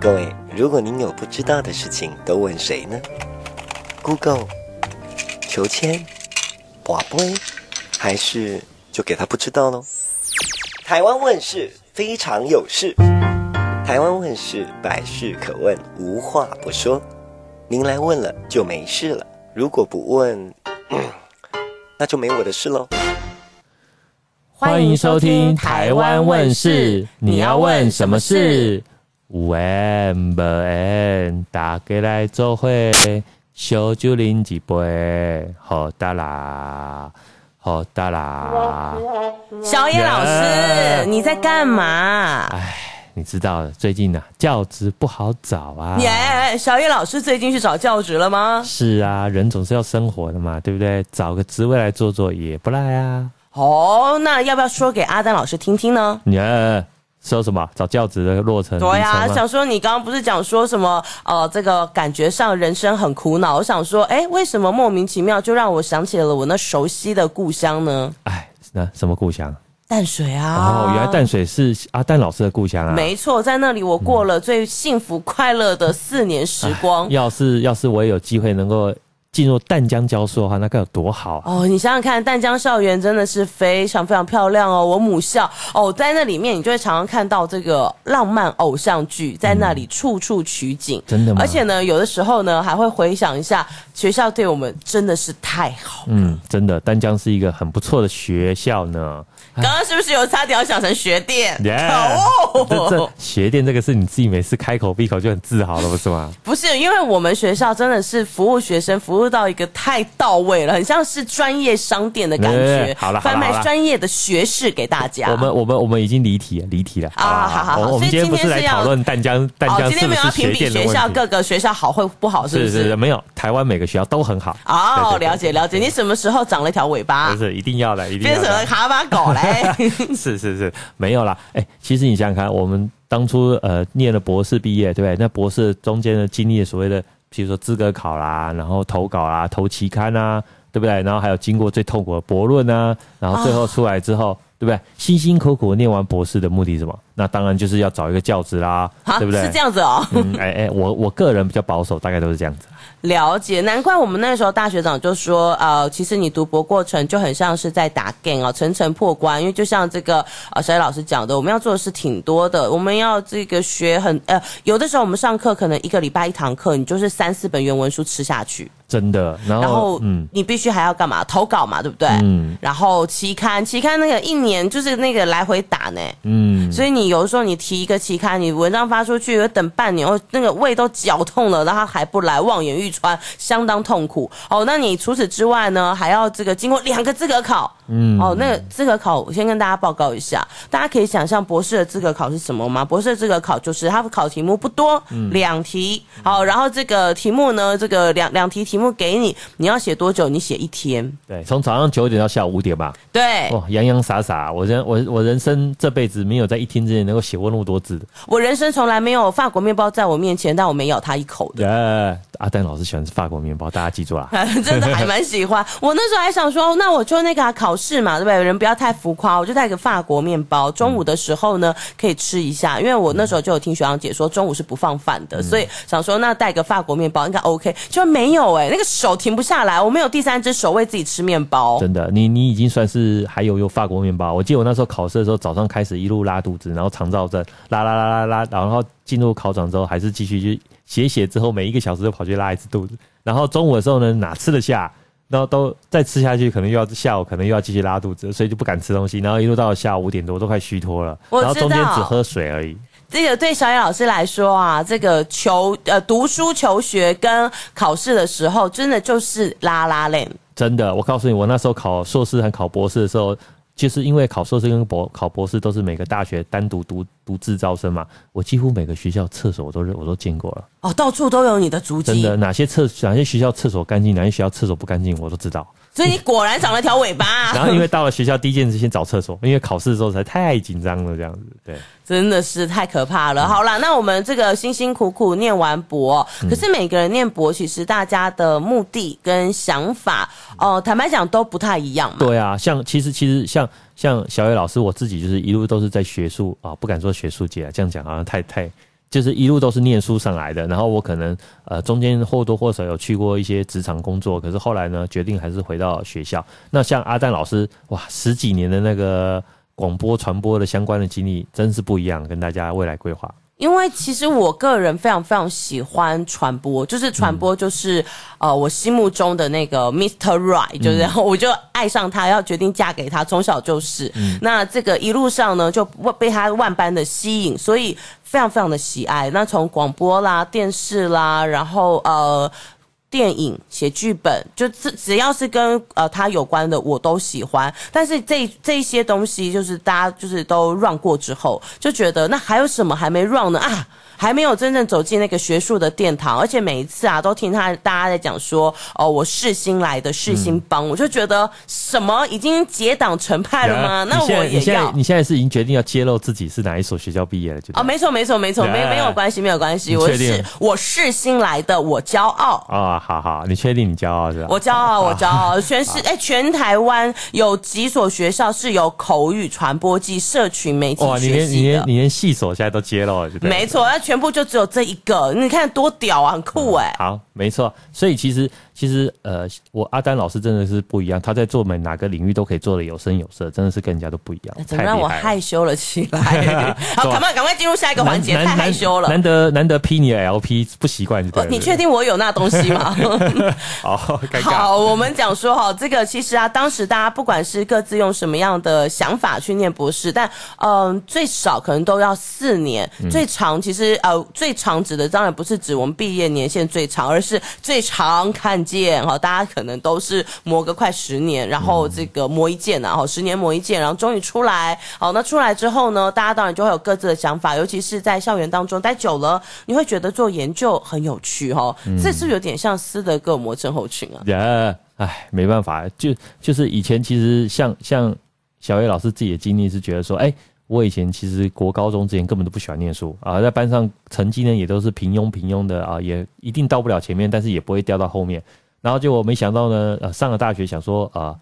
各位，如果您有不知道的事情，都問誰呢？Google、求籤、博杯，還是就給他不知道嘍？台灣問事非常有事，台灣問事百事可問，無話不說。您來問了就沒事了，如果不問，嗯，那就沒我的事嘍。歡迎收聽《台灣問事》，你要問什麼事？有緣無緣，大家來做伙，小酒飲一杯。好噠啦，好噠啦！小野老師，呃、你在幹嘛？哎，你知道最近啊，教職不好找啊。耶、呃，小野老師最近去找教職了嗎？是啊，人總是要生活的嘛，對不對？找個職位來做做也不賴啊。哦，那要不要說給阿丹老師聽聽呢？耶、呃。說什麼？找教職的落成。對呀、啊，想說你剛剛不是講說什麼？呃，這個感覺上人生很苦惱。我想說，哎，為什麼莫名其妙就讓我想起了我那熟悉的故鄉呢？哎，那什麼故鄉？淡水啊！哦，原來淡水是阿、啊、淡老師的故鄉啊！沒錯，在那裡我過了最幸福快樂的四年時光。要是要是我也有機會能夠。進入淡江教書的話，那該有多好！啊、哦，你想想看，淡江校園真的是非常非常漂亮哦。我母校哦，在那裡面，你就會常常看到這個浪漫偶像劇在那裡處處取景，嗯、真的嗎？而且呢，有的時候呢，還會回想一下學校對我們真的是太好。嗯，真的，淡江是一個很不錯的學校呢。剛剛是不是有差點要想成學店？Yeah, 這學店這個是你自己每次開口閉口就很自豪了，不是嗎？ 不是，因為我們學校真的是服務學生，服務到一個太到位了，很像是專業商店的感覺。嗯嗯、好了好了，好了，販賣專業的學士給大家。我們我們我們，我們已經離題離題了啊、哦！好好，我們今天不是要討論淡江淡、哦、今天沒有要評是不是學店的評比學校，各個學校好會不好？是不是，是，是，是，沒有，台灣每個學校都很好。哦，對對對，了解了解，你什麼時候長了一條尾巴？不是，一定要的，變成了哈巴狗來。 是是是，沒有啦。哎、欸，其實你想想看，我們當初呃念了博士畢業，對不對？那博士中間的經歷，所謂的譬如說資格考啦，然後投稿啊，投期刊啦、啊，對不對？然後還有經過最痛苦的博論啊，然後最後出來之後，啊、對不對？辛辛苦苦念完博士的目的是什麼？那當然就是要找一個教職啦、啊，對不對？是這樣子哦。哎、嗯、哎、欸欸，我我個人比較保守，大概都是這樣子。了解，難怪我們那時候大學長就說，呃，其實你讀博過程就很像是在打 game 啊、呃，層層破關。因為就像這個呃小葉老師講的，我們要做的事挺多的，我們要這個學很呃，有的時候我們上課可能一個禮拜一堂課，你就是三四本原文書吃下去。真的，然後嗯，然後你必須還要幹嘛、嗯、投稿嘛，對不對？嗯，然後期刊期刊那個一年就是那個來回打呢，嗯，所以你有的時候你提一個期刊，你文章發出去，等半年，哦，那個胃都絞痛了，然後他還不來，望眼欲穿，相當痛苦。哦，那你除此之外呢，還要這個經過兩個資格考，嗯，哦，那個資格考我先跟大家報告一下，大家可以想象博士的資格考是什麼嗎？博士的資格考就是他考題目不多，嗯、兩題、嗯，好，然後這個題目呢，這個兩兩題題。我給你，你要寫多久？你寫一天。對，從早上九點到下午五點吧。對，哦、洋洋灑灑，我人我我人生這輩子沒有在一天之內能夠寫過那麼多字的。我人生從來沒有法國麵包在我面前，但我沒咬它一口的。阿、yeah, 丹、yeah, yeah, 啊、老師喜歡吃法國麵包，大家記住啊！真、啊、的還蠻喜歡。 我那時候還想說，那我就那個考試嘛，對不對？人不要太浮誇，我就帶個法國麵包，中午的時候呢、嗯、可以吃一下。因為我那時候就有聽學長姐說，中午是不放飯的、嗯，所以想說那帶個法國麵包應該 OK。就沒有誒、欸。那個手停不下來，我沒有第三隻手餵自己吃麵包。真的，你你已經算是還有有法國麵包。我記得我那時候考試的時候，早上開始一路拉肚子，然後腸躁症，拉拉拉拉拉，然後進入考場之後還是繼續去寫寫，之後每一個小時都跑去拉一次肚子。然後中午的時候呢，哪吃得下？然後都再吃下去，可能又要下午，可能又要繼續拉肚子，所以就不敢吃東西。然後一路到了下午五點多，都快虛脫了，然後中間只喝水而已。這個對小野老師來說啊，這個求呃讀書求學跟考試的時候，真的就是拉拉鏈。真的，我告訴你，我那時候考碩士和考博士的時候，就是因為考碩士跟博考博士都是每個大學單獨獨獨自招生嘛，我幾乎每個學校廁所我都我都見過了。哦，到處都有你的足跡。真的，哪些廁哪些學校廁所乾淨，哪些學校廁所不乾淨，我都知道。所以你果然長了條尾巴。 然後因為到了學校，第一件事先找廁所， 因為考試的時候才太緊張了，這樣子。對，真的是太可怕了，嗯。好啦，那我們這個辛辛苦苦念完博、嗯，可是每個人念博，其實大家的目的跟想法，哦、嗯呃，坦白講都不太一樣嘛。對啊，像其實其實像像小偉老師，我自己就是一路都是在學術啊，不敢說學術界、啊、這樣講，好像太太。就是一路都是念書上來的，然後我可能呃中間或多或少有去過一些職場工作，可是後來呢決定還是回到學校。那像阿讚老師，哇，十幾年的那個廣播傳播的相關的經歷，真是不一樣，跟大家未來規劃。因為其實我個人非常非常喜歡傳播，就是傳播就是、嗯、呃我心目中的那個 Mr. Right，就是然後我就愛上他，要決定嫁給他，從小就是，嗯、那這個一路上呢就被他萬般的吸引，所以非常非常的喜愛。那從廣播啦、電視啦，然後呃。電影、寫劇本，就只只要是跟呃他有關的，我都喜歡。但是這一這一些東西，就是大家就是都 run 過之後，就覺得那還有什麼還沒 run 呢啊？還沒有真正走進那個學術的殿堂，而且每一次啊，都聽他大家在講說，哦，我世新來的，世新幫，我就覺得什麼已經結黨成派了嗎？嗯、那我你現在也要你現在，你現在是已經決定要揭露自己是哪一所學校畢業了？就哦，沒錯，沒錯，沒錯，沒沒有關係，沒有關係，我是我世新來的，我驕傲啊、哦！好好，你確定你驕傲是吧？我驕傲，我驕傲，全是哎，全台灣有幾所學校是有口語傳播暨社群媒體學系的、的？你連你連你連系所現在都揭露了，沒錯。全部就只有這一個，你看多屌啊，很酷哎，欸，嗯。好。沒錯，所以其實其實呃，我阿丹老師真的是不一樣，他在做每哪個領域都可以做得有聲有色，真的是跟人家都不一樣。才讓我害羞了起來。 好，趕快趕快進入下一個環節，太害羞了。難得難,難得批你的 LP，不習慣你。你確定我有那東西嗎？ 好，好，我們講說哈，這個其實啊，當時大家不管是各自用什麼樣的想法去念博士，但嗯、呃，最少可能都要四年，嗯、最長其實呃，最長指的當然不是指我們畢業年限最長，而是。是最常看見哈，大家可能都是磨個快十年，然後這個磨一劍呢，哈，十年磨一劍，然後終於出來，好，那出來之後呢，大家當然就會有各自的想法，尤其是在校園當中待久了，你會覺得做研究很有趣哈，這是不是有點像斯德哥爾摩症候群啊？對、嗯，哎，沒辦法，就就是以前其實像像小葉老師自己的經歷是覺得說，哎。我以前其實國高中之前根本都不喜歡念書啊、呃，在班上成績呢也都是平庸平庸的啊、呃，也一定到不了前面，但是也不會掉到後面。然後就我沒想到呢，呃，上了大學想說啊，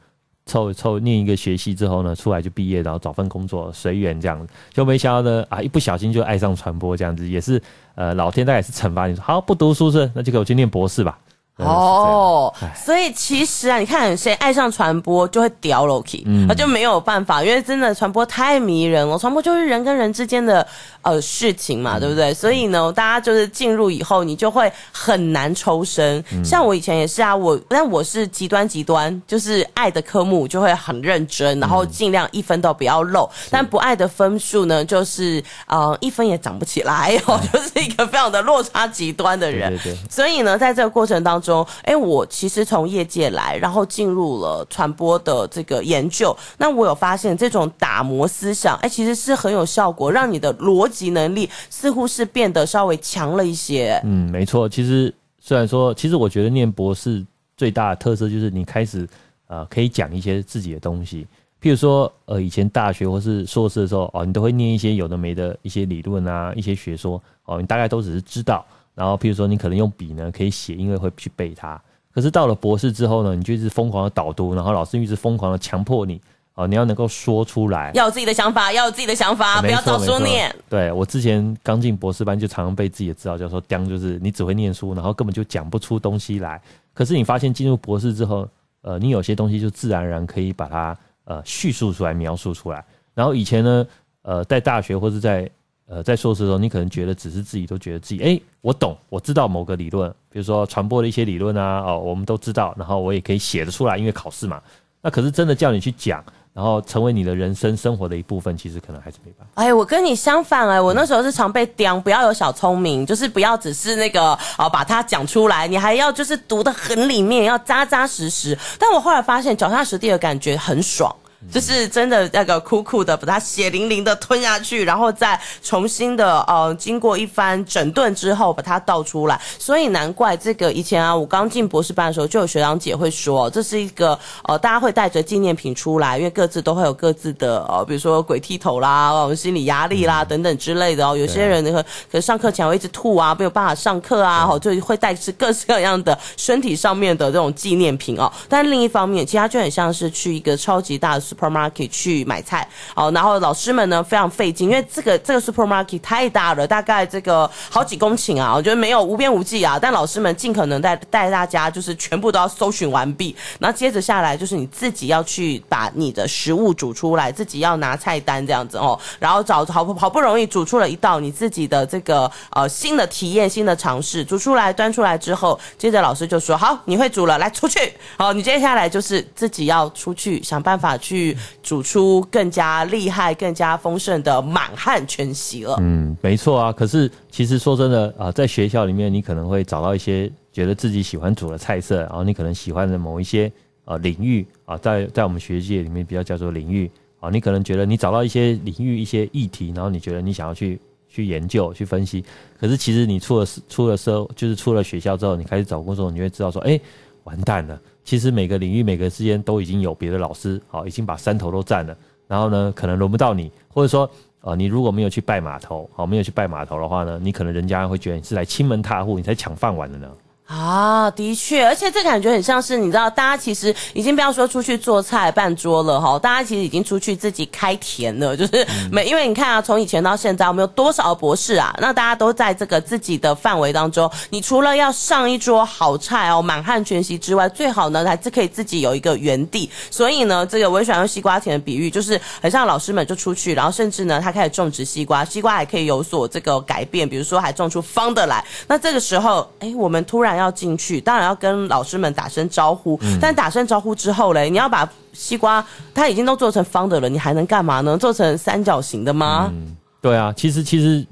湊、呃、湊念一個學期之後呢，出來就畢業，然後找份工作隨緣這樣。就沒想到呢啊，一不小心就愛上傳播這樣子，也是呃，老天大概是懲罰你說好不讀書是，那就給我去念博士吧。哦，所以其實啊，你看誰愛上傳播就會掉樓梯，嗯，他就沒有辦法，因為真的傳播太迷人了。傳播就是人跟人之間的呃事情嘛，對不對？嗯、所以呢、嗯，大家就是進入以後，你就會很難抽身。嗯、像我以前也是啊，我但我是極端極端，就是愛的科目就會很認真，然後盡量一分都不要漏。嗯、但不愛的分數呢，就是呃一分也漲不起來哦，就是一個非常的落差極端的人。嗯、所以呢，在這個過程當中。說，哎，我其實從業界來，然後進入了傳播的這個研究。那我有發現，這種打磨思想，哎，其實是很有效果，讓你的邏輯能力似乎是變得稍微強了一些。嗯，沒錯。其實雖然說，其實我覺得念博士最大的特色就是你開始，呃，可以講一些自己的東西。譬如說，呃，以前大學或是碩士的時候，哦，你都會念一些有的沒的一些理論啊，一些學說，哦，你大概都只是知道。然後，譬如說你可能用筆呢可以寫，因為會去背它。可是到了博士之後呢，你就一直瘋狂的導讀，然後老師一直瘋狂的強迫你、呃，你要能夠說出來，要有自己的想法，要有自己的想法，呃、不要照書念。對，我之前剛進博士班就常常被自己的指導教授這樣，就是你只會念書，然後根本就講不出東西來。可是你發現進入博士之後，呃，你有些東西就自然而然可以把它呃敘述出來、描述出來。然後以前呢，呃，在大學或是在。呃，在碩士的時候，你可能覺得只是自己都覺得自己，哎、欸，我懂，我知道某個理論，比如說傳播的一些理論啊，哦，我們都知道，然後我也可以寫得出來，因為考試嘛。那可是真的叫你去講，然後成為你的人生生活的一部分，其實可能還是沒辦法。哎，我跟你相反哎、欸，我那時候是常被刁，不要有小聰明，就是不要只是那個哦把它講出來，你還要就是讀得很裡面，要扎扎實實。但我後來發現腳踏實地的感覺很爽。就是真的那個苦苦的把它血淋淋的吞下去，然後再重新的呃經過一番整頓之後把它倒出來，所以難怪這個以前啊，我剛進博士班的時候就有學長姐會說、哦、這是一個呃大家會帶着紀念品出來，因為各自都會有各自的呃比如說鬼剃頭啦，我、呃、們心理壓力啦等等之類的哦，有些人可能上課前會一直吐啊，沒有辦法上課啊，好，就會帶各式各樣的身體上面的這種紀念品哦。但另一方面，其實它就很像是去一個超級大。supermarket 去買菜哦，然後老師們呢非常費勁，因為這個這個 supermarket 太大了，大概這個好幾公頃啊，我覺得沒有無邊無際啊。但老師們盡可能帶帶大家，就是全部都要搜尋完畢。那接着下來就是你自己要去把你的食物煮出來，自己要拿菜單這樣子哦，然後找好不好不容易煮出了一道你自己的這個呃新的體驗、新的嘗試，煮出來端出來之後，接着老師就說：“好，你會煮了，來出去。”哦，好，你接下來就是自己要出去想辦法去。去煮出更加厲害、更加豐盛的滿漢全席了。嗯，沒錯啊。可是，其實說真的啊，在學校裡面，你可能會找到一些覺得自己喜歡煮的菜色，然後你可能喜歡的某一些呃、啊、領域啊，在在我們學界裡面比較叫做領域啊，你可能覺得你找到一些領域、一些議題，然後你覺得你想要去去研究、去分析。可是，其實你出了出了社，就是出了學校之後，你開始找工作，你會知道說，哎、欸。完蛋了！其實每個領域每個之間都已經有別的老師，好、哦，已經把山頭都占了。然後呢，可能輪不到你，或者說，啊、呃，你如果沒有去拜碼頭，好、哦，沒有去拜碼頭的話呢，你可能人家會覺得你是來親門踏戶，你才搶飯碗的呢。啊，的確，而且這感覺很像是你知道，大家其實已經不要說出去做菜辦桌了齁，大家其實已經出去自己開田了，就是每因為你看啊，從以前到現在，我們有多少博士啊？那大家都在這個自己的範圍當中，你除了要上一桌好菜哦，滿漢全席之外，最好呢還是可以自己有一個園地。所以呢，這個我也喜歡用西瓜田的比喻，就是很像老師們就出去，然後甚至呢，他開始種植西瓜，西瓜還可以有所這個改變，比如說還種出方的來。那這個時候，哎、欸，我們突然。要進去，當然要跟老師們打聲招呼。嗯、但打聲招呼之後嘞，你要把西瓜，它已經都做成方的了，你還能幹嘛呢？做成三角形的嗎？嗯、對啊，其實其實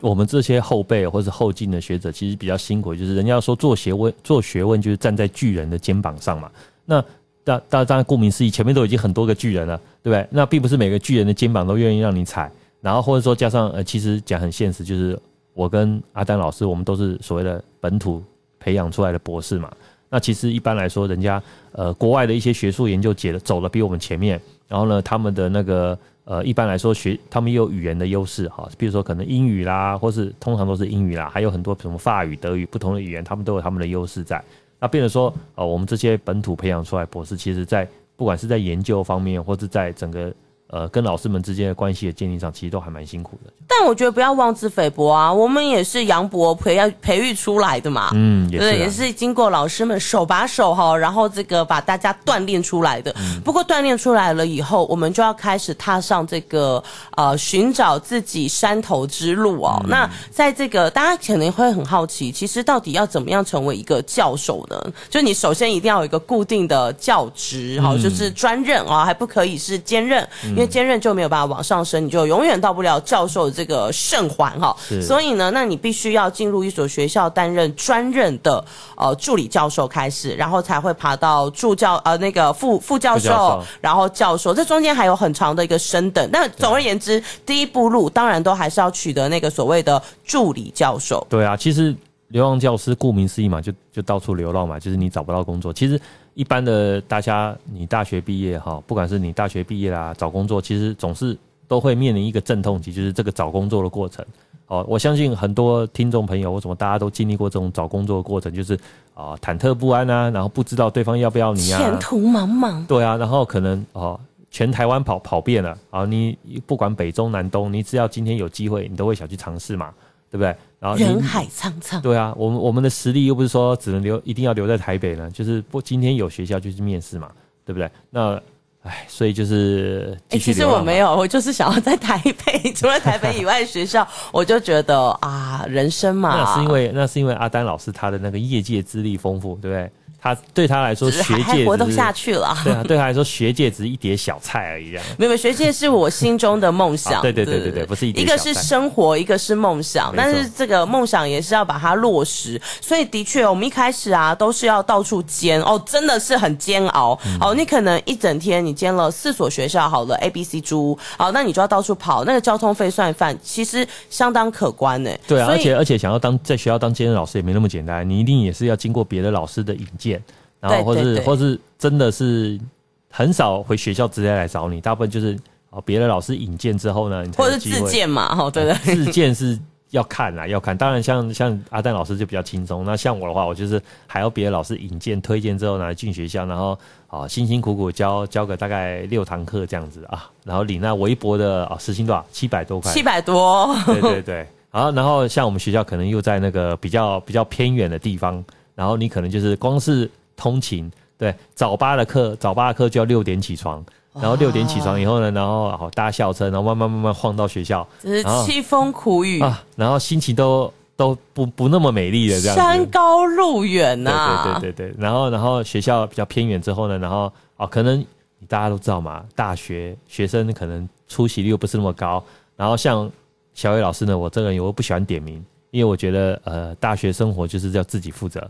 我們這些後輩或者後進的學者，其實比較辛苦。就是人家說做學問做學問就是站在巨人的肩膀上嘛。那大大家當然顧名思義，前面都已經很多個巨人了，對不對？那並不是每個巨人的肩膀都願意讓你踩。然後或者說加上呃，其實講很現實，就是我跟阿丹老師，我們都是所謂的本土。培養出來的博士嘛，那其實一般來說，人家呃國外的一些學術研究解的走了比我們前面，然後呢，他們的那個呃一般來說學，他們也有語言的優勢哈，比如說可能英語啦，或是通常都是英語啦，還有很多什麼法語、德語不同的語言，他們都有他們的優勢在。那變得說，呃，我們這些本土培養出來博士，其實在不管是在研究方面，或是在整個。呃，跟老師們之間的關係的建立上，其實都還蠻辛苦的。但我覺得不要妄自菲薄啊，我們也是楊博培養、培育出來的嘛。嗯、啊，對，也是經過老師們手把手哈、喔，然後這個把大家鍛鍊出來的。嗯、不過鍛鍊出來了以後，我們就要開始踏上這個呃尋找自己山頭之路哦、喔嗯。那在這個大家可能會很好奇，其實到底要怎麼樣成為一個教授呢？就你首先一定要有一個固定的教職哈、喔嗯，就是專任啊、喔，還不可以是兼任。嗯因為兼任就沒有辦法往上升，你就永遠到不了教授的這個聖環哈。所以呢，那你必須要進入一所學校擔任專任的呃助理教授開始，然後才會爬到助教呃那個副副教，副教授，然後教授。這中間還有很長的一個升等。那總而言之、啊，第一步路當然都還是要取得那個所謂的助理教授。對啊，其實流浪教師顧名思義嘛，就就到處流浪嘛，就是你找不到工作。其實。一般的，大家你大學畢業哈、哦，不管是你大學畢業啦、啊，找工作，其實總是都會面臨一個陣痛期，就是這個找工作的過程。哦，我相信很多聽眾朋友，為什麼大家都經歷過這種找工作的過程，就是啊、哦，忐忑不安啊，然後不知道對方要不要你啊，前途茫茫。對啊，然後可能啊、哦，全台灣跑跑遍了啊、哦，你不管北中南東，你只要今天有機會，你都會想去嘗試嘛，對不對？然後人海蒼蒼，對啊，我們我們的實力又不是說只能留，一定要留在台北呢，就是不今天有學校就去面試嘛，對不對？那唉，所以就是、欸、其實我沒有，我就是想要在台北，除了台北以外的學校，我就覺得啊，人生嘛，那是因為那是因為阿丹老師他的那個業界資歷豐富，對不對？他對他來說，學界他活動下去了。對啊，對他來說，學界只是一碟小菜而已啊。沒有 沒有，學界是我心中的夢想。 啊、對對對對，對對對對，不是一碟小菜。一個是生活，一個是夢想，但是這個夢想也是要把它落實。所以的確，我們一開始啊，都是要到處兼，哦，真的是很煎熬、嗯、哦。你可能一整天你兼了四所學校好了，A B, C,、B、C、D，好，那你就要到處跑，那個交通費算一算，其實相當可觀呢。對啊，啊，而且而且想要當在學校當兼職老師也沒那麼簡單，你一定也是要經過別的老師的引薦。然後或者是對對對，或者是真的是很少回學校直接來找你，大部分就是哦，別的老師引薦之後呢，或者自薦嘛，哈、哦，對對、啊，自薦是要看啊，要看。當然像，像像阿蛋老師就比較輕鬆，那像我的話，我就是還要別的老師引薦推薦之後呢，進學校，然後啊、哦，辛辛苦苦教教個大概六堂課這樣子啊，然後領那、啊、微薄的啊、哦，時薪多少？七百多塊？七百多？ 對對對。好，然後像我們學校可能又在那個比較比較偏遠的地方。然後你可能就是光是通勤，對早八的課，早八的課就要六點起床，然後六點起床以後呢，然後哦、啊、搭校車，然後慢慢慢慢晃到學校，只是淒風苦雨啊，然後心情都都不不那麼美麗的這樣子，山高路遠啊，對對對對，然後然後學校比較偏遠之後呢，然後哦、啊、可能大家都知道嘛，大學學生可能出席率又不是那麼高，然後像小偉老師呢，我這個人我不喜歡點名，因為我覺得呃大學生活就是要自己負責。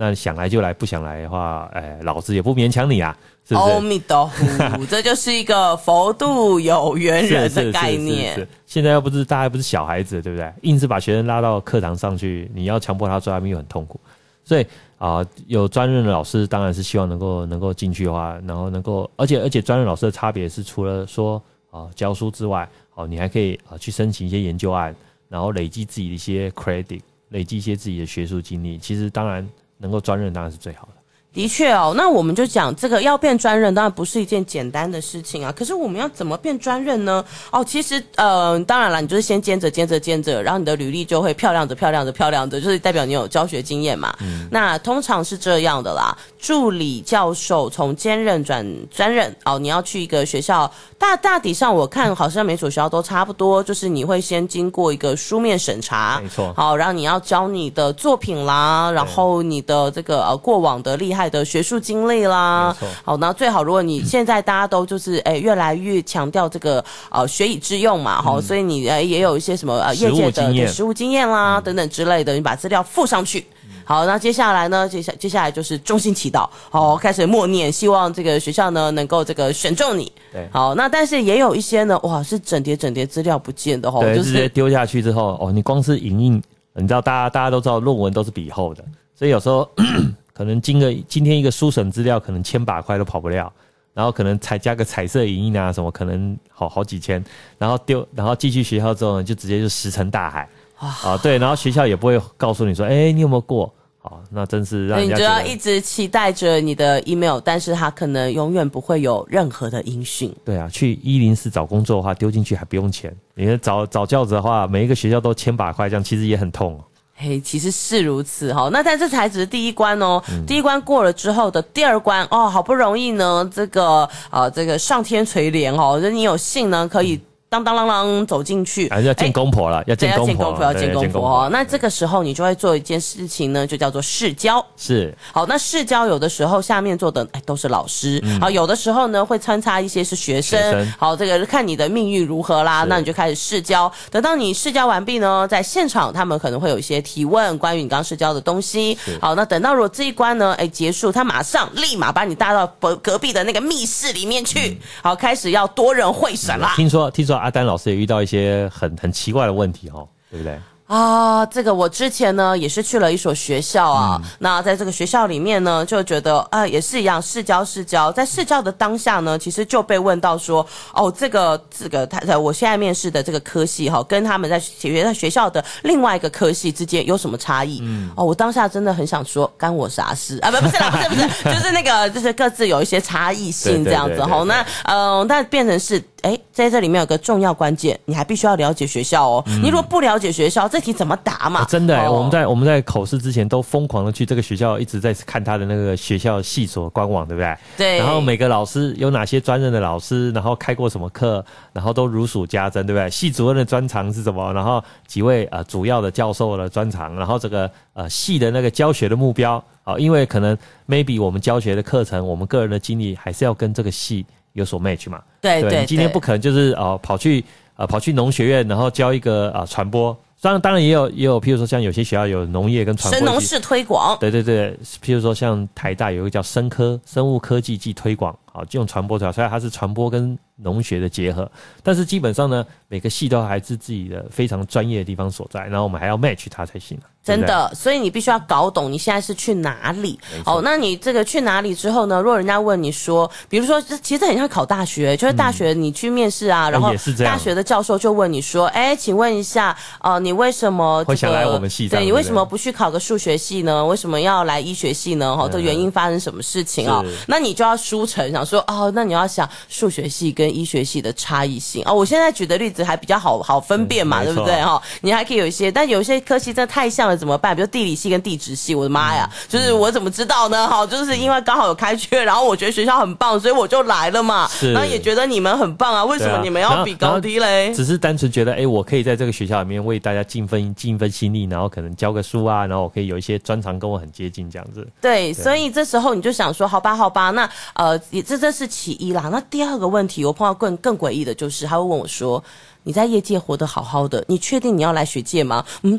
那想來就來，不想來的話，誒老子也不勉強你啊，是不是？阿彌陀佛，這就是一個佛度有緣人的概念。 現在又不是大家不是小孩子，對不對？硬是把學生拉到課堂上去，你要強迫他做，他們又很痛苦。所以啊、呃，有專任的老師當然是希望能夠能夠進去的話，然後能夠，而且而且專任老師的差別是，除了說啊、呃、教書之外，呃、你還可以啊、呃、去申請一些研究案，然後累積自己的一些 credit，累積一些自己的學術經歷。其實當然。能夠專任當然是最好的。的確哦，那我們就講這個要變專任，當然不是一件簡單的事情啊。可是我們要怎麼變專任呢？哦，其實嗯、呃，當然啦，你就是先兼着兼着兼着，然後你的履歷就會漂亮的漂亮的漂亮的，就是代表你有教學經驗嘛。嗯、那通常是這樣的啦。助理教授從兼任轉專任哦，你要去一個學校，大大體上我看好像每所學校都差不多，就是你會先經過一個書面審查，沒錯，好，然後你要交你的作品啦，然後你的這個呃過往的厲害的學術經歷啦，沒錯，好，那最好如果你現在大家都就是誒越來越強調這個呃學以致用嘛，好、嗯，所以你誒也有一些什麼呃業界的實務經，經驗啦、嗯、等等之類的，你把資料附上去。好，那接下來呢？接下接下來就是衷心祈禱，好，開始默念，希望這個學校呢能夠這個選中你。對，好，那但是也有一些呢，哇，是整疊整疊資料不見的哦，對，就是、直接丟下去之後，哦，你光是影印，你知道大家大家都知道，論文都是比厚的，所以有時候 可能今個今天一個書審資料可能千把塊都跑不了，然後可能彩加個彩色影印啊什麼，可能好、哦、好幾千，然後丟然後寄去學校之後呢，就直接就石沉大海、哦、啊，對，然後學校也不會告訴你說，哎、欸，你有沒有過？好，那真是讓人家你就要一直期待着你的 email，但是他可能永遠不會有任何的音訊。對啊，去一零四找工作的話，丟進去還不用錢，因為找找教職的話，每一個學校都千把塊，這樣其實也很痛。嘿，其實是如此哈、喔。那但這才只是第一關哦、喔嗯，第一關過了之後的第二關哦、喔，好不容易呢，這個啊、呃，這個上天垂憐哦、喔，我覺得你有幸呢，可以、嗯。噹噹啷啷，走進去，是要見公婆了，要見公婆、欸，要見公婆、欸，見見見喔。那這個時候你就會做一件事情呢，就叫做試教。是，好，那試教有的時候下面坐的哎、欸、都是老師、嗯，好，有的時候呢會穿插一些是學生、學生，好，這個看你的命運如何啦。那你就開始試教，等到你試教完畢呢，在現場他們可能會有一些提問關於你剛剛試教的東西。好，那等到如果這一關呢，哎、欸、結束，他馬上立馬把你帶到隔隔壁的那個密室裡面去。嗯、好，開始要多人會審啦。聽說，聽說。阿丹老師也遇到一些很很奇怪的問題，哈，對不對？啊，這個我之前呢也是去了一所學校啊、嗯，那在這個學校裡面呢，就覺得啊也是一樣試教試教，在試教的當下呢，其實就被問到說哦，這個這個他，他我現在面試的這個科系哈，跟他們在學在學校的另外一個科系之間有什麼差異？嗯，哦，我當下真的很想說干我啥事啊？不不是啦，不是不是， 就是那個就是各自有一些差異性這樣子哈。那嗯、呃，那變成是哎、欸，在這裡面有個重要關鍵，你還必須要了解學校哦、嗯。你如果不了解學校這。這題怎麼答嘛？哦、真的、哦，我們在我們在考試之前都瘋狂的去這個學校，一直在看他的那個學校系所的官網，對不對？對。然後每個老師有哪些專任的老師，然後開過什麼課，然後都如數家珍，對不對？系主任的專長是什麼？然後幾位呃主要的教授的專長，然後這個呃系的那個教學的目標啊、呃，因為可能 maybe 我們教學的課程，我們個人的經歷還是要跟這個系有所 match 嘛。對對，對，你今天不可能就是哦、呃、跑去呃跑去農學院，然後教一個啊傳、呃、播。當然，當然也有，也有，譬如說，像有些學校有農業跟傳播，農事推廣，對對對，譬如說，像台大有一個叫生科生物科技暨推廣。啊，就用傳播學，所以它是傳播跟農學的結合。但是基本上呢，每個系都還是自己的非常專業的地方所在。然後我們還要 match 它才行。對對，真的，所以你必須要搞懂你現在是去哪裡好。那你這個去哪裡之後呢？如果人家問你說，比如說，其實很像考大學，就是大學你去面試啊、嗯，然後大學的教授就問你說：“哎、欸，請問一下，呃，你為什麼、這個、會想來我們系？對，你為什麼不去考個數學系呢？為什麼要來醫學系呢？哦、嗯，的、這個、原因發生什麼事情啊？那你就要書成想。”說哦，那你要想數學系跟醫學系的差異性啊、哦，我現在舉的例子還比較好好分辨嘛，對，對不對哈、啊哦？你還可以有一些，但有一些科系真的太像了怎麼辦？比如說地理系跟地質系，我的媽呀、嗯，就是我怎麼知道呢？哈、嗯哦，就是因為剛好有開缺，然後我覺得學校很棒，所以我就來了嘛。然那也覺得你們很棒啊，為什麼你們要比高低嘞？啊、只是單純覺得，哎，我可以在這個學校裡面為大家盡分盡一分心力，然後可能教個書啊，然後可以有一些專長跟我很接近這樣子。對，對啊、所以這時候你就想說，好吧，好吧，那呃這這是其一啦，那第二個問題，我碰到更更詭異的就是，他會問我說：“你在業界活得好好的，你確定你要來學界嗎？”嗯。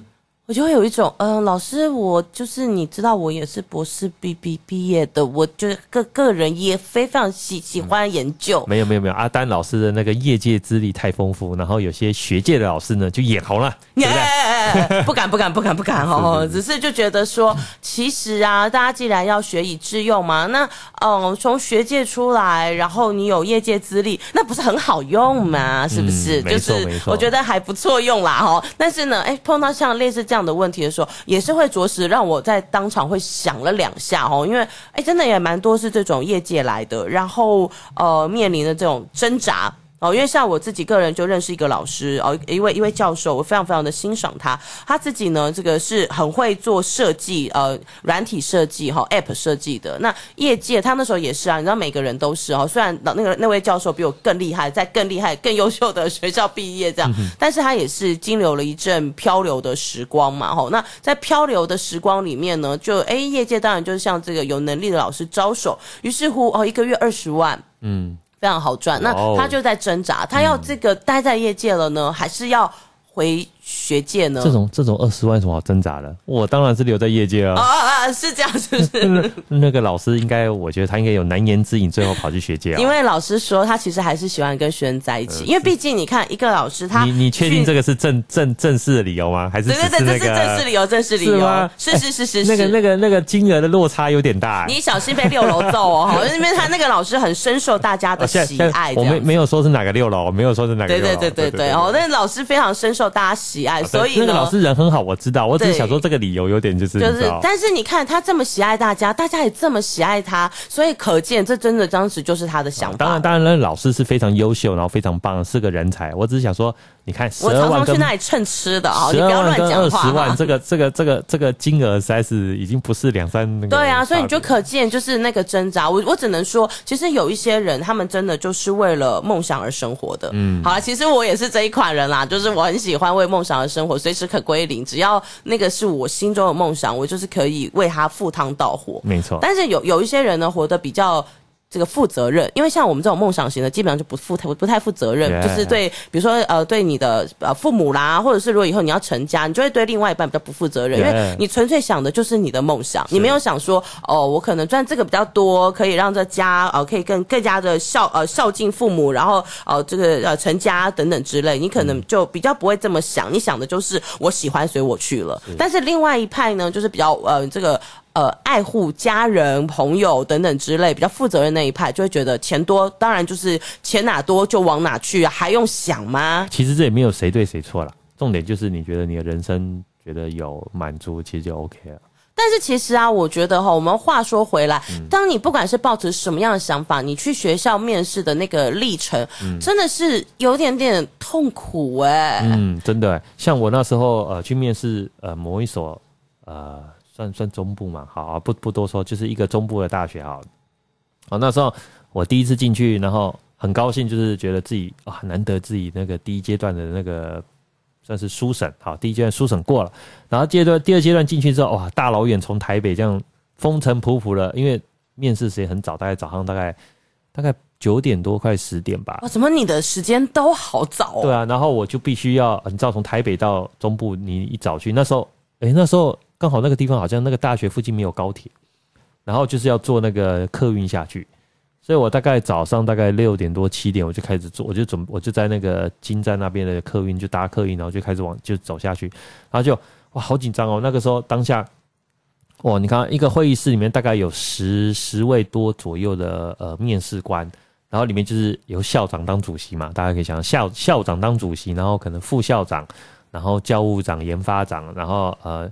我就會有一種，嗯、呃，老師，我就是你知道，我也是博士畢畢畢業的，我就個個人也非常喜喜歡研究。嗯、沒有沒有沒有，阿丹老師的那個業界資歷太豐富，然後有些學界的老師呢就眼紅了，耶、欸欸欸，不敢不敢不敢不敢，不敢 哦，只是就覺得說，其實啊，大家既然要學以致用嘛，那嗯，從、呃、學界出來，然後你有業界資歷，那不是很好用嗎？是不是、嗯、沒錯？就是我覺得還不錯用啦哦。但是呢，哎、欸，碰到像類似這樣。這樣的問題的時候，也是會着實讓我在當場會想了兩下哦，因為哎、欸，真的也蠻多是這種業界來的，然後呃，面臨的這種掙扎。哦，因為像我自己個人就認識一個老師哦，一,一位一位教授，我非常非常的欣賞他。他自己呢，這個是很會做設計，呃，軟體設計哈，App 設計的。那業界他那時候也是啊，你知道每個人都是哦，雖然那個那位教授比我更厲害，在更厲害、更優秀的學校畢業這樣，但是他也是經歷了一陣漂流的時光嘛，哈、哦。那在漂流的時光裡面呢，就哎、欸，業界當然就是向這個有能力的老師招手，於是乎，哦，一個月二十萬，嗯。非常好賺，那他就在掙扎，wow. 他要這個待在業界了呢，還是要回？學界呢？這種這種二十萬，怎麼好掙扎的？我當然是留在業界啊、喔！啊啊，是這樣，是不是 那？那個老師應該，我覺得他應該有難言之隱，最後跑去學界啊、喔。 因為老師說他其實還是喜歡跟學生在一起，嗯、因為畢竟你看，一個老師他你你確定這個是正正正式的理由嗎？還是對對對，這是正式理由，正式理由。是是是是，是，是、欸，那個那個那個金額的落差有點大，欸，你小心被六樓揍哦、喔！ 因為他那個老師很深受大家的喜愛。啊、我沒沒有說是哪個六樓，我沒有說是哪個六樓。對對對對對哦、喔，那個、老師非常深受大家喜。喜、啊、愛，所以那個老師人很好，我知道，我只是想說這個理由有點就是，就是，但是你看他這麼喜愛大家，大家也這麼喜愛他，所以可見這真的當時就是他的想法。啊、當然，當然了，老師是非常優秀，然後非常棒，是個人才。我只是想說。你看，我常常去那裡蹭吃的啊！你不要亂講話。十萬，這個、這個、這個、這個金額實在是已經不是兩三那個。對啊，所以你就可見，就是那個掙扎。我我只能說，其實有一些人，他們真的就是為了夢想而生活的。嗯，好啊，其實我也是這一款人啦、啊，就是我很喜歡為夢想而生活，隨時可歸零，只要那個是我心中的夢想，我就是可以為他赴湯蹈火。沒錯。但是有有一些人呢，活得比較。這個負責任，因為像我們這種夢想型的，基本上就不負太不太負責任，yeah. 就是對，比如說呃，對你的呃父母啦，或者是如果以後你要成家，你就會對另外一半比較不負責任，yeah. 因為你純粹想的就是你的夢想，你沒有想說哦，我可能賺這個比較多，可以讓這家呃可以更更加的孝呃孝敬父母，然後呃這個呃成家等等之類，你可能就比較不會這麼想，你想的就是我喜歡隨我去了。但是另外一派呢，就是比較呃這個。呃，愛護家人、朋友等等之類，比較負責任那一派，就會覺得錢多，當然就是錢哪多就往哪去，啊，還用想嗎？其實這也沒有誰對誰錯啦。重點就是你覺得你的人生覺得有滿足，其實就 OK 了。但是其實啊，我覺得齁，我們話說回來，嗯，當你不管是抱持什麼樣的想法，你去學校面試的那個歷程，嗯，真的是有點點痛苦哎、欸。嗯，真的，欸，像我那時候呃去面試呃某一所呃。算算中部嘛，好，好不不多說，就是一個中部的大學，好，好那時候我第一次進去，然後很高興，就是覺得自己啊，難得自己那個第一階段的那個算是書審，好，第一階段書審過了，然後階段第二階段進去之後，哇，大老遠從台北這樣風塵僕僕了，因為面試時間很早，大概早上大概大概九點多快十點吧，啊，怎麼你的時間都好早？對啊，然後我就必須要很早從台北到中部，你一早去，那時候，誒、欸，那時候。剛好那個地方好像那個大學附近沒有高鐵，然後就是要坐那個客運下去，所以我大概早上大概六點多七點我就開始坐，我就準我就在那個金站那邊的客運就搭客運，然後就開始往就走下去，然後就哇好緊張哦，那個時候當下，哇你看一個會議室裡面大概有十十位多左右的呃面試官，然後裡面就是由校長當主席嘛，大家可以想象校校長當主席，然後可能副校長，然後教務長、研發長，然後呃。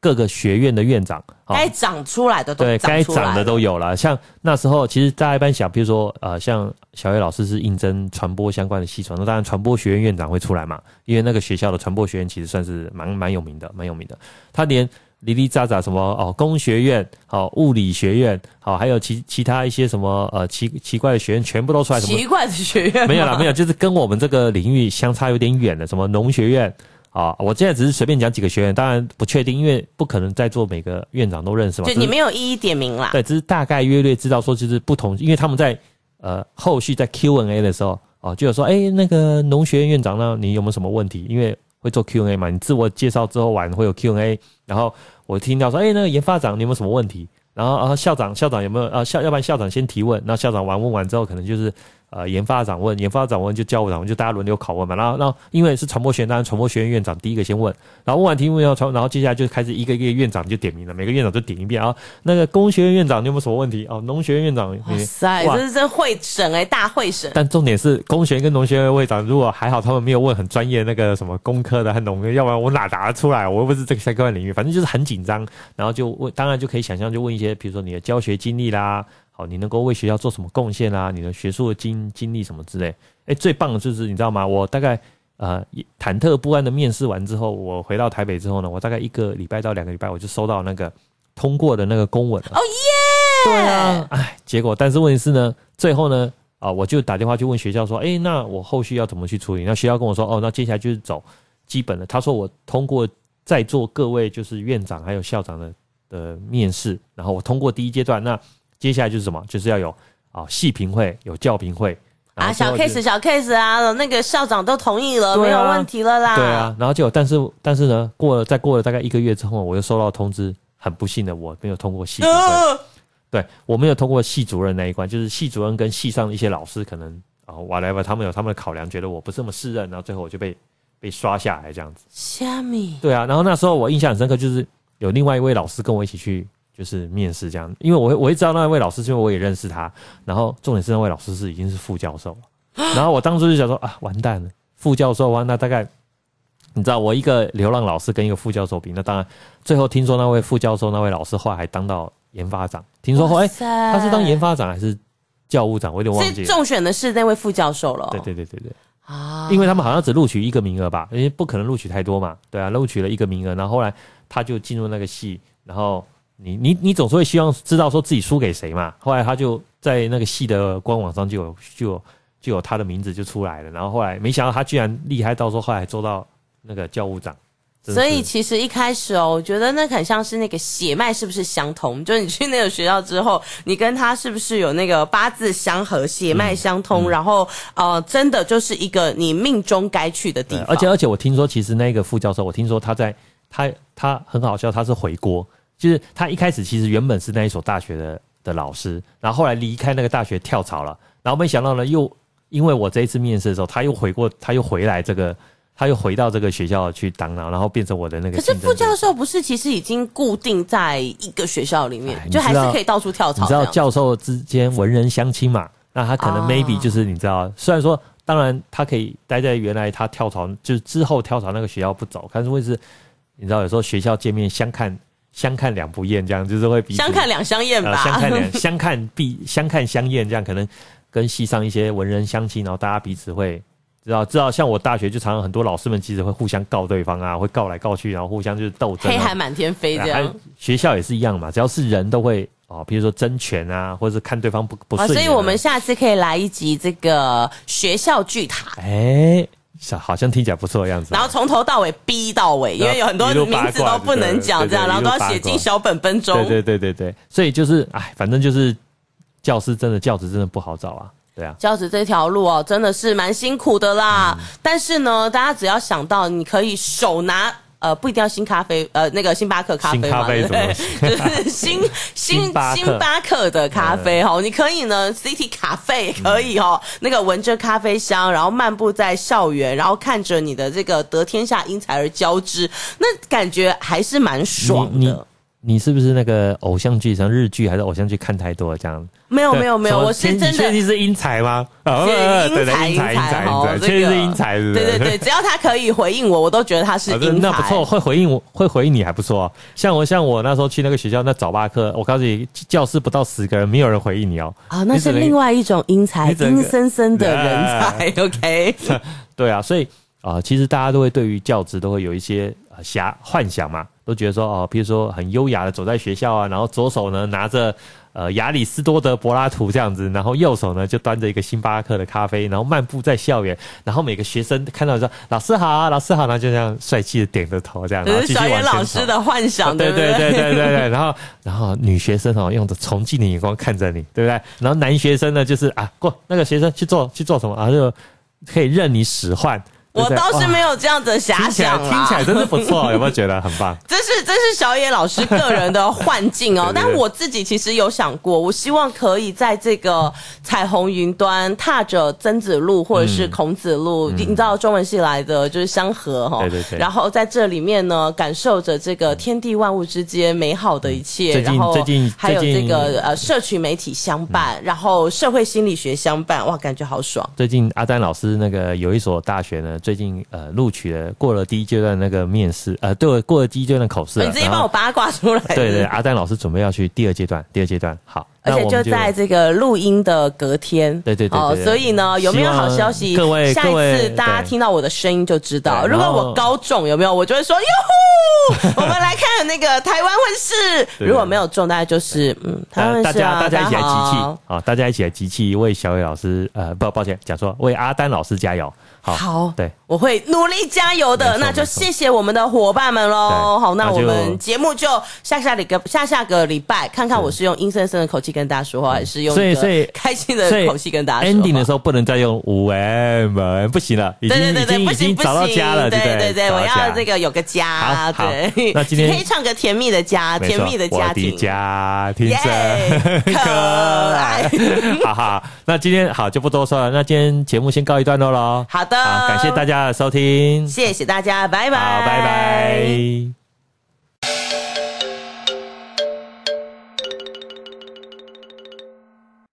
各個學院的院長，該長出來的都長出來的對，該長的都有了。像那時候，其實大家一般想，比如說呃，像小野老師是應徵傳播相關的系所，那當然傳播學院院長會出來嘛，因為那個學校的傳播學院其實算是蠻蠻有名的，蠻有名的。他連哩哩雜雜什麼哦，工學院好、哦，物理學院好、哦，還有其其他一些什麼呃奇奇怪的學院，全部都出來。什麼奇怪的學院沒有啦，沒有，就是跟我們這個領域相差有點遠的，什麼農學院。啊、哦，我現在只是隨便講幾個學院，當然不確定，因為不可能在座每個院長都認識嘛。就你沒有一一點名啦？對，只是大概約略知道說，就是不同，因為他們在呃後續在 Q&A 的時候，哦，就有說，哎、欸，那個農學院院長呢，那你有沒有什麼問題？因為會做 Q&A 嘛，你自我介紹之後完會有 Q&A，然後我聽到說，哎、欸，那個研發長，你有沒有什麼問題？然後，然後、啊、校長，校長有沒有啊？校要不然校長先提問，那校長完問完之後，可能就是。呃，研發長問，研發長問就教務長問，就大家輪流拷問嘛。然後，然後因為是傳播學院，當然傳播學院院長第一個先問，然後問完題目以後，傳然後接下來就開始一個一個院長就點名了，每個院長都點一遍啊。然後那個工學院院長，你有沒有什麼問題？哦，農學院院長，哇塞，哇這是這會審哎、欸，大會審。但重點是工學院跟農學院院會長，如果還好，他們沒有問很專業那個什麼工科的和農科，要不然我哪答得出來？我又不是這個相關領域，反正就是很緊張。然後就問，當然就可以想象就問一些，比如說你的教學經歷啦。哦，你能夠為學校做什麼貢獻啦？你的學術的經經歷什麼之類？誒、欸，最棒的就是你知道嗎？我大概呃忐忑不安的面試完之後，我回到台北之後呢，我大概一個禮拜到兩個禮拜，我就收到那個通過的那個公文了。哦耶！Oh yeah! 對啊，哎，結果但是問題是呢，最後呢啊、呃，我就打電話去問學校說，誒、欸，那我後續要怎麼去處理？那學校跟我說，哦，那接下來就是走基本的。他說我通過在座各位就是院長還有校長的的面試，然後我通過第一階段那。接下來就是什麼？就是要有啊，系評會有教評會，然後最後就啊，小 case 小 case 啊，那個校長都同意了，啊、沒有問題了啦。對啊，然後就有，但是，但是呢，過了，再過了大概一個月之後，我又收到通知，很不幸的我沒有通過系主任。對，我沒有通過系主任那一關，就是系主任跟系上的一些老師可能啊 whatever，他們有他們的考量，覺得我不是那麼適任，然後最後我就被被刷下來這樣子。蝦米？對啊，然後那時候我印象很深刻，就是有另外一位老師跟我一起去，就是面試這樣，因為我我一知道那位老師，因為我也認識他。然後重點是那位老師是已經是副教授了。然後我當初就想說啊，完蛋了，副教授完，那大概你知道，我一個流浪老師跟一個副教授比，那當然。最後聽說那位副教授那位老師後來還當到研發長，聽說後哎、欸，他是當研發長還是教務長？我有點忘記了。最中選的是那位副教授了。對對對對對啊，因為他們好像只錄取一個名額吧，因為不可能錄取太多嘛。對啊，錄取了一個名額，然後後來他就進入那個系，然後。你你你總是會希望知道說自己輸給誰嘛？後來他就在那個系的官網上就有就有就有他的名字就出來了。然後後來沒想到他居然厲害，到說後來做到那個教務長。所以其實一開始哦、喔，我覺得那很像是那個血脈是不是相通？就是你去那個學校之後，你跟他是不是有那個八字相合、血脈相通？嗯嗯、然後呃，真的就是一個你命中該去的地方。而且而且我聽說，其實那個副教授，我聽說他在他他很好笑，他是回鍋。就是他一開始其實原本是那一所大學的的老師，然後後來離開那個大學跳槽了，然後沒想到呢，又因為我這一次面試的時候，他又回過，他又回來這個，他又回到這個學校去當了，然後然後變成我的那個。可是副教授不是其實已經固定在一個學校裡面，就還是可以到處跳槽。你知道教授之間文人相親嘛？那他可能 maybe 就是你知道，啊、雖然說當然他可以待在原來他跳槽就是之後跳槽那個學校不走，但是會是你知道有時候學校見面相看。相看兩不厭，這樣就是會彼此。相看兩相厭吧、呃？相看兩相看，必相看相厭。這樣可能跟系上一些文人相輕，然後大家彼此會知道知道。知道像我大學就常常很多老師們，其實會互相告對方啊，會告來告去，然後互相就是鬥爭、啊，黑函滿天飛這樣。學校也是一樣嘛，只要是人都會哦，比如說爭權啊，或者是看對方不不順、啊啊，所以我們下次可以來一集這個學校巨塔。哎、欸。像好像聽起來不錯的樣子、啊，然後從頭到尾逼到尾，因為有很多名字都不能講，這樣，然後，對對對然後，都要寫進小本本中。對，對對對對對，所以就是，哎，反正就是教師真的教職真的不好找啊，對啊，教職這條路哦，真的是蠻辛苦的啦、嗯。但是呢，大家只要想到你可以手拿。呃，不一定要新咖啡，呃，那個星巴克咖啡嘛，對不對？就是星星星巴克的咖啡哦、嗯，你可以呢，City 咖啡也可以哦，嗯、那個聞着咖啡香，然後漫步在校園，然後看着你的這個得天下英才而教之，那感覺還是蠻爽的。你是不是那個偶像劇，像日劇還是偶像劇看太多了？這樣沒有沒有沒有，我是真的確定是英才嗎？你確定是英才哦？對，對，對，英才英才，確、這個、是英才是不是，對對對，只要他可以回應我，我都覺得他是英才。啊、那不錯，會回應我會回應你還不錯、哦。像我像我那時候去那個學校，那早八課，我告訴你，教室不到十個人，沒有人回應你哦。啊、哦，那是另外一種英才，陰森森的人才。啊、OK，啊對啊，所以啊、呃，其實大家都會對於教職都會有一些呃遐幻想嘛。都覺得說哦，比如說很優雅的走在學校啊，然後左手呢拿着呃亞里士多德、柏拉圖這樣子，然後右手呢就端着一個星巴克的咖啡，然後漫步在校園，然後每個學生看到說，老師好，啊，老師好啊，然後就這樣帥氣的點着頭這樣，這、就是校園老師的幻想，對對對對對對,對。 然後然後女學生哦用着崇敬的眼光看着你，對不對？然後男學生呢就是啊過那個學生去做去做什麼啊，就可以任你使喚。我倒是沒有這樣子的遐想啦，聽起，聽起來真的不錯， 有沒有覺得很棒？ 這是這是小野老師個人的幻境哦、喔， 但我自己其實有想過，我希望可以在這個彩虹雲端踏着曾子路或者是孔子路，嗯、你知道中文系來的就是香河哈、喔對對對，然後在這裡面呢，感受着這個天地萬物之間美好的一切，嗯、最近最近然後最近還有這個呃，社群媒體相伴、嗯，然後社會心理學相伴，哇，感覺好爽。最近阿丹老師那個有一所大學呢。最近呃，錄取了，過了第一階段那個面試，呃，對，過了第一階段考試，啊，你直接幫我八卦出來是是，對，對對對，阿丹老師準備要去第二階段，第二階段好，而且就在這個錄音的隔天，對對對哦，所以呢，有沒有好消息？各位，下一次大家聽到我的聲音就知道。如果我高中有沒有，我就會說喲、呃，我們來看那個台灣衛視， 如果沒有中，大家就是嗯台是，呃，大家大家一起來集氣好，好，大家一起來集氣，為小偉老師呃，不，抱歉，講說為阿丹老師加油。好,好，對，我會努力加油的。那就謝謝我們的夥伴們嘍。好，那我們節目就下下禮個下下個禮拜看看，我是用陰森森的口氣跟大家說話，還是用最開心的口氣跟大家說。ending 的時候不能再用喂喂，不行了，已經對對對已經不行已經找到家了對對對到家。對對對，我要這個有個家。對,對，那今天你可以唱個甜蜜的家，甜蜜的家庭，家庭，yeah, 可愛， 好,好，那今天好就不多說了。那今天節目先告一段落嘍。好的。好，感謝大家的收聽，謝謝大家，拜拜，好，拜拜。